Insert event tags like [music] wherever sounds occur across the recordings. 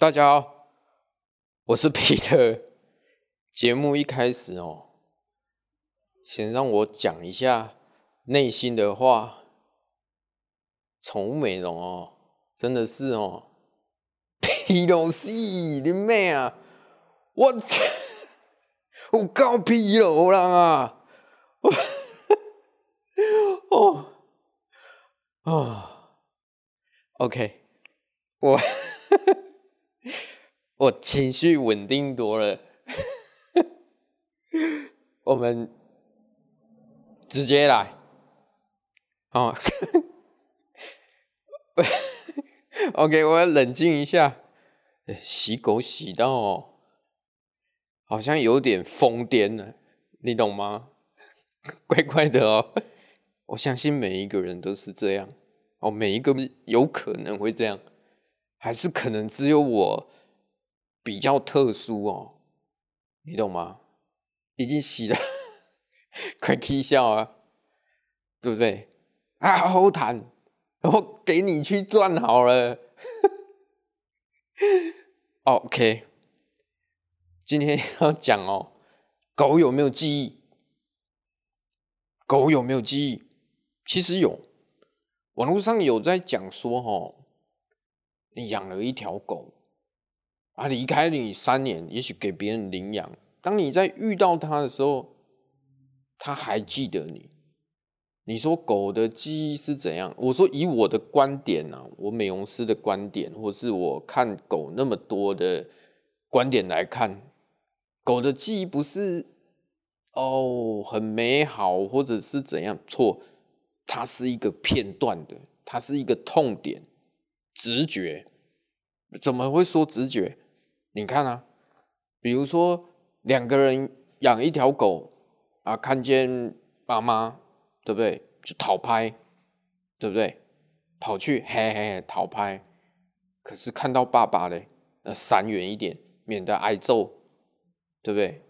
大家好，我是皮特。節目一開始哦、喔，先讓我講一下內心的話。寵物美容哦、喔，真的是哦、喔，皮肉戲你妹啊！我操，我 [laughs] 夠皮肉啦、啊！我， [laughs] 哦，啊、哦、OK，我。 [laughs] 我情緒穩定多了， [laughs] 我們直接來，哦 [laughs] ，OK，我要冷靜一下、哎，洗狗洗到、喔、好像有點瘋癲了，你懂嗎？怪怪的哦、喔，我相信每一個人都是這樣，哦，每一個有可能會這樣，還是可能只有我。比較特殊哦，你懂嗎？已經洗了， [laughs] 快氣笑啊，對不對？啊，好談，我給你去賺好了。 [laughs] OK，今天要講哦，狗有沒有記憶？狗有沒有記憶？其實有，網絡上有在講說，哦，你養了一條狗。啊！離開你三年，也許給別人領養。當你在遇到牠的時候，牠還記得你。你說狗的記憶是怎樣？我說以我的觀點呢、啊，我美容師的觀點，或是我看狗那麼多的觀點來看，狗的記憶不是哦很美好，或者是怎樣？錯，它是一個片段的，它是一個痛點，直覺，怎麼會說直覺？你看啊，比如說兩個人養一條狗啊，看見爸媽對不對，就討拍，對不對？跑去嘿嘿討拍，可是看到爸爸嘞，呃閃遠一點，免得挨揍，對不對？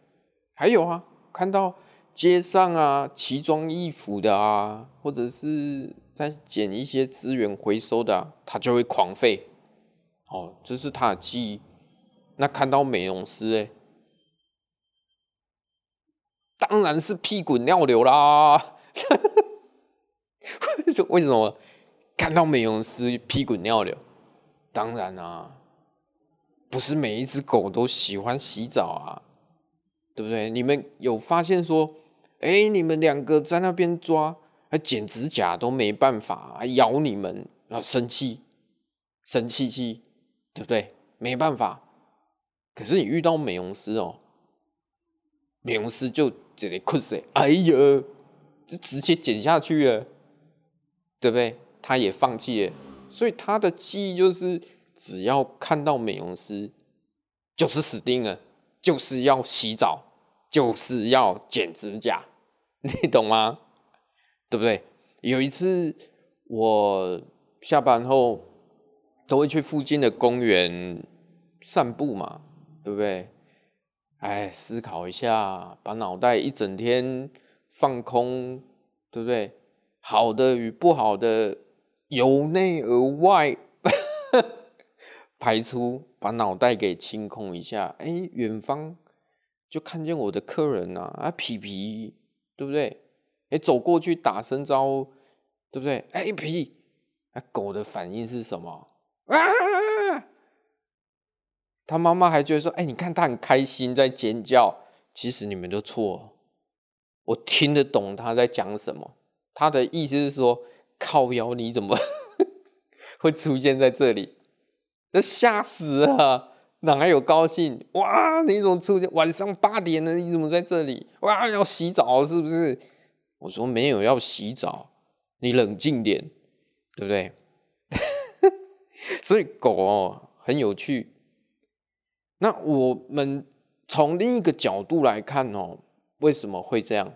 還有啊，看到街上啊奇裝異服的啊，或者是在撿一些資源回收的啊，他就會狂吠。哦，這是他的記憶。那看到美容師哎、欸，當然是屁滾尿流啦！ [laughs] 為什麼看到美容師屁滾尿流？當然啦、啊，不是每一隻狗都喜歡洗澡啊，對不對？你們有發現說，哎、欸，你們兩個在那邊抓，還剪指甲都沒辦法，還咬你們，然後生氣，生氣氣，對不對？沒辦法。可是你遇到美容師哦，美容師就直接哭死，哎呀，就直接剪下去了，對不對？他也放棄了，所以他的記憶就是，只要看到美容師，就是死定了，就是要洗澡，就是要剪指甲，你懂嗎？對不對？有一次我下班後都會去附近的公園散步嘛。對不對？哎，思考一下，把腦袋一整天放空，對不對？好的與不好的由內而外 [laughs] 排出，把腦袋給清空一下。哎，遠方就看見我的客人了，啊，啊，皮皮，對不對？哎，走過去打聲招呼，對不對？哎，皮，啊，狗的反應是什麼？啊他媽媽還覺得說：“哎、欸，你看他很開心，在尖叫。”其實你們都錯了，我聽得懂他在講什麼。他的意思是說：“靠腰，你怎麼會出現在這裡？這嚇死了，哪還有高興？哇，你怎麼出現？晚上八點了，你怎麼在這裡？哇，要洗澡是不是？”我說：“沒有要洗澡，你冷靜點，對不對？” [laughs] 所以狗哦，很有趣。那我們從另一個角度來看哦，為什麼會這樣？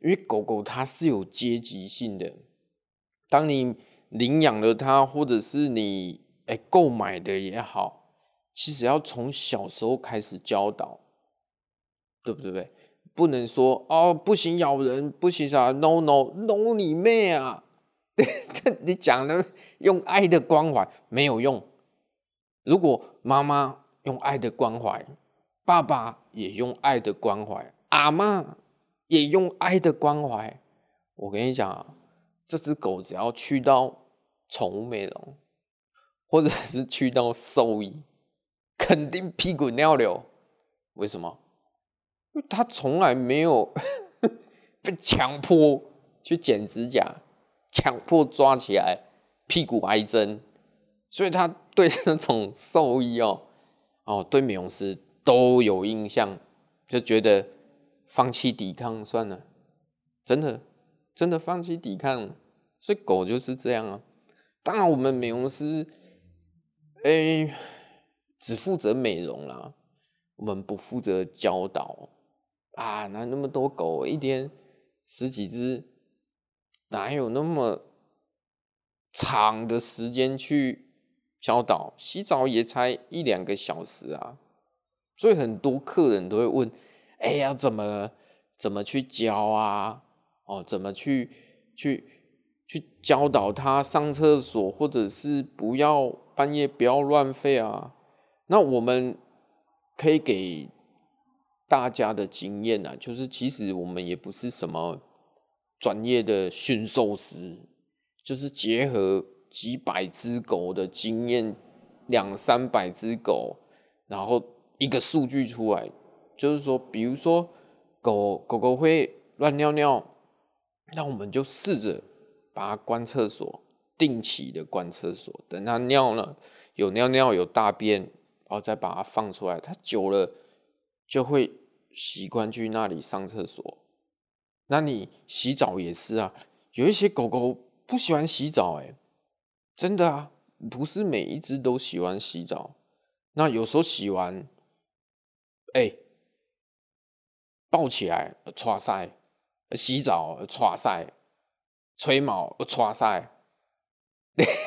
因為狗狗它是有階級性的。當你領養了它，或者是你哎購買的也好，其實要從小時候開始教導，對不對？不能說，哦，不行咬人，不行啥，no no no no 你妹啊！ [laughs] 你講的用愛的關懷沒有用，如果媽媽。用愛的關懷，爸爸也用愛的關懷，阿嬤也用愛的關懷。我跟你講啊，這只狗只要去到寵物美容，或者是去到獸醫，肯定屁滾尿流。為什麼？因為它從來沒有 [laughs] 被強迫去剪指甲，強迫抓起來屁股挨針，所以它對那種獸醫哦、喔。哦，對，美容師都有印象，就覺得放棄抵抗算了，真的，真的放棄抵抗，所以狗就是這樣啊。當然，我們美容師，哎、欸，只負責美容啦，我們不負責教導啊。哪有那麼多狗，一天十幾隻，哪有那麼長的時間去？教導洗澡也才一兩個小時啊，所以很多客人都會問：“哎呀，怎麼怎麼去教啊？哦，怎麼去去去教導他上廁所，或者是不要半夜不要亂吠啊？”那我們可以給大家的經驗呢，就是其實我們也不是什麼專業的馴獸師，就是結合。幾百只狗的經驗，兩三百只狗，然後一個數據出來，就是說，比如說狗狗狗會亂尿尿，那我們就試着把它關廁所，定期的關廁所，等它尿了，有尿尿有大便，然後再把它放出來，它久了就會習慣去那裡上廁所。那你洗澡也是啊，有一些狗狗不喜歡洗澡，欸，真的啊，不是每一隻都喜歡洗澡，那有時候洗完，哎、欸，抱起來，抓塞，洗澡，抓塞，吹毛，抓塞，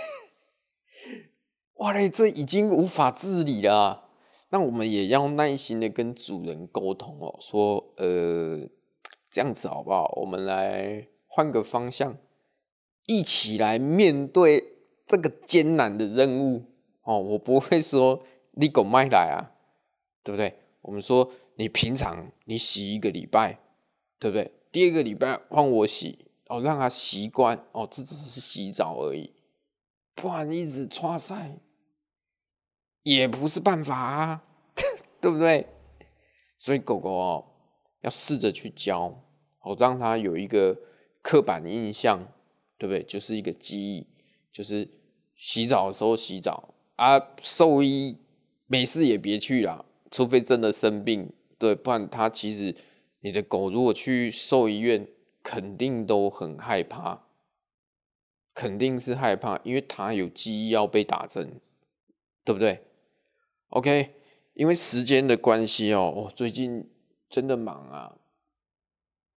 [laughs] 哇嘞，這已經無法自理了。那我們也要耐心的跟主人溝通哦，說，呃，這樣子好不好？我們來換個方向，一起來面對。這個艱難的任務哦，我不會說你狗麥來啊，對不對？我們說你平常你洗一個禮拜，對不對？第二個禮拜換我洗哦，讓它習慣哦，這只是洗澡而已，不然一直剉賽也不是辦法啊，對不對？所以狗狗哦，要試着去教哦，讓它有一個刻板印象，對不對？就是一個記憶。就是洗澡的時候洗澡啊，獸醫沒事也別去了，除非真的生病，對，不然它其實你的狗如果去獸醫院，肯定都很害怕，肯定是害怕，因為它有記憶要被打針，對不對？OK，因為時間的關係喔，哦，我最近真的忙啊，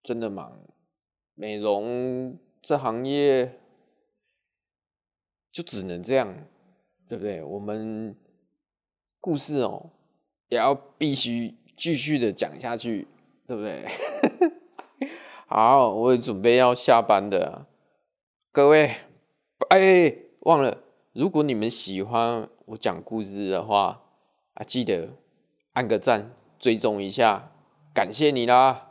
真的忙，美容這行業。就只能這樣，對不對？我們故事哦、喔，也要必須繼續的講下去，對不對？ [laughs] 好，我也準備要下班的、啊，各位，哎，忘了，如果你們喜歡我講故事的話啊，記得按個讚，追蹤一下，感謝你啦。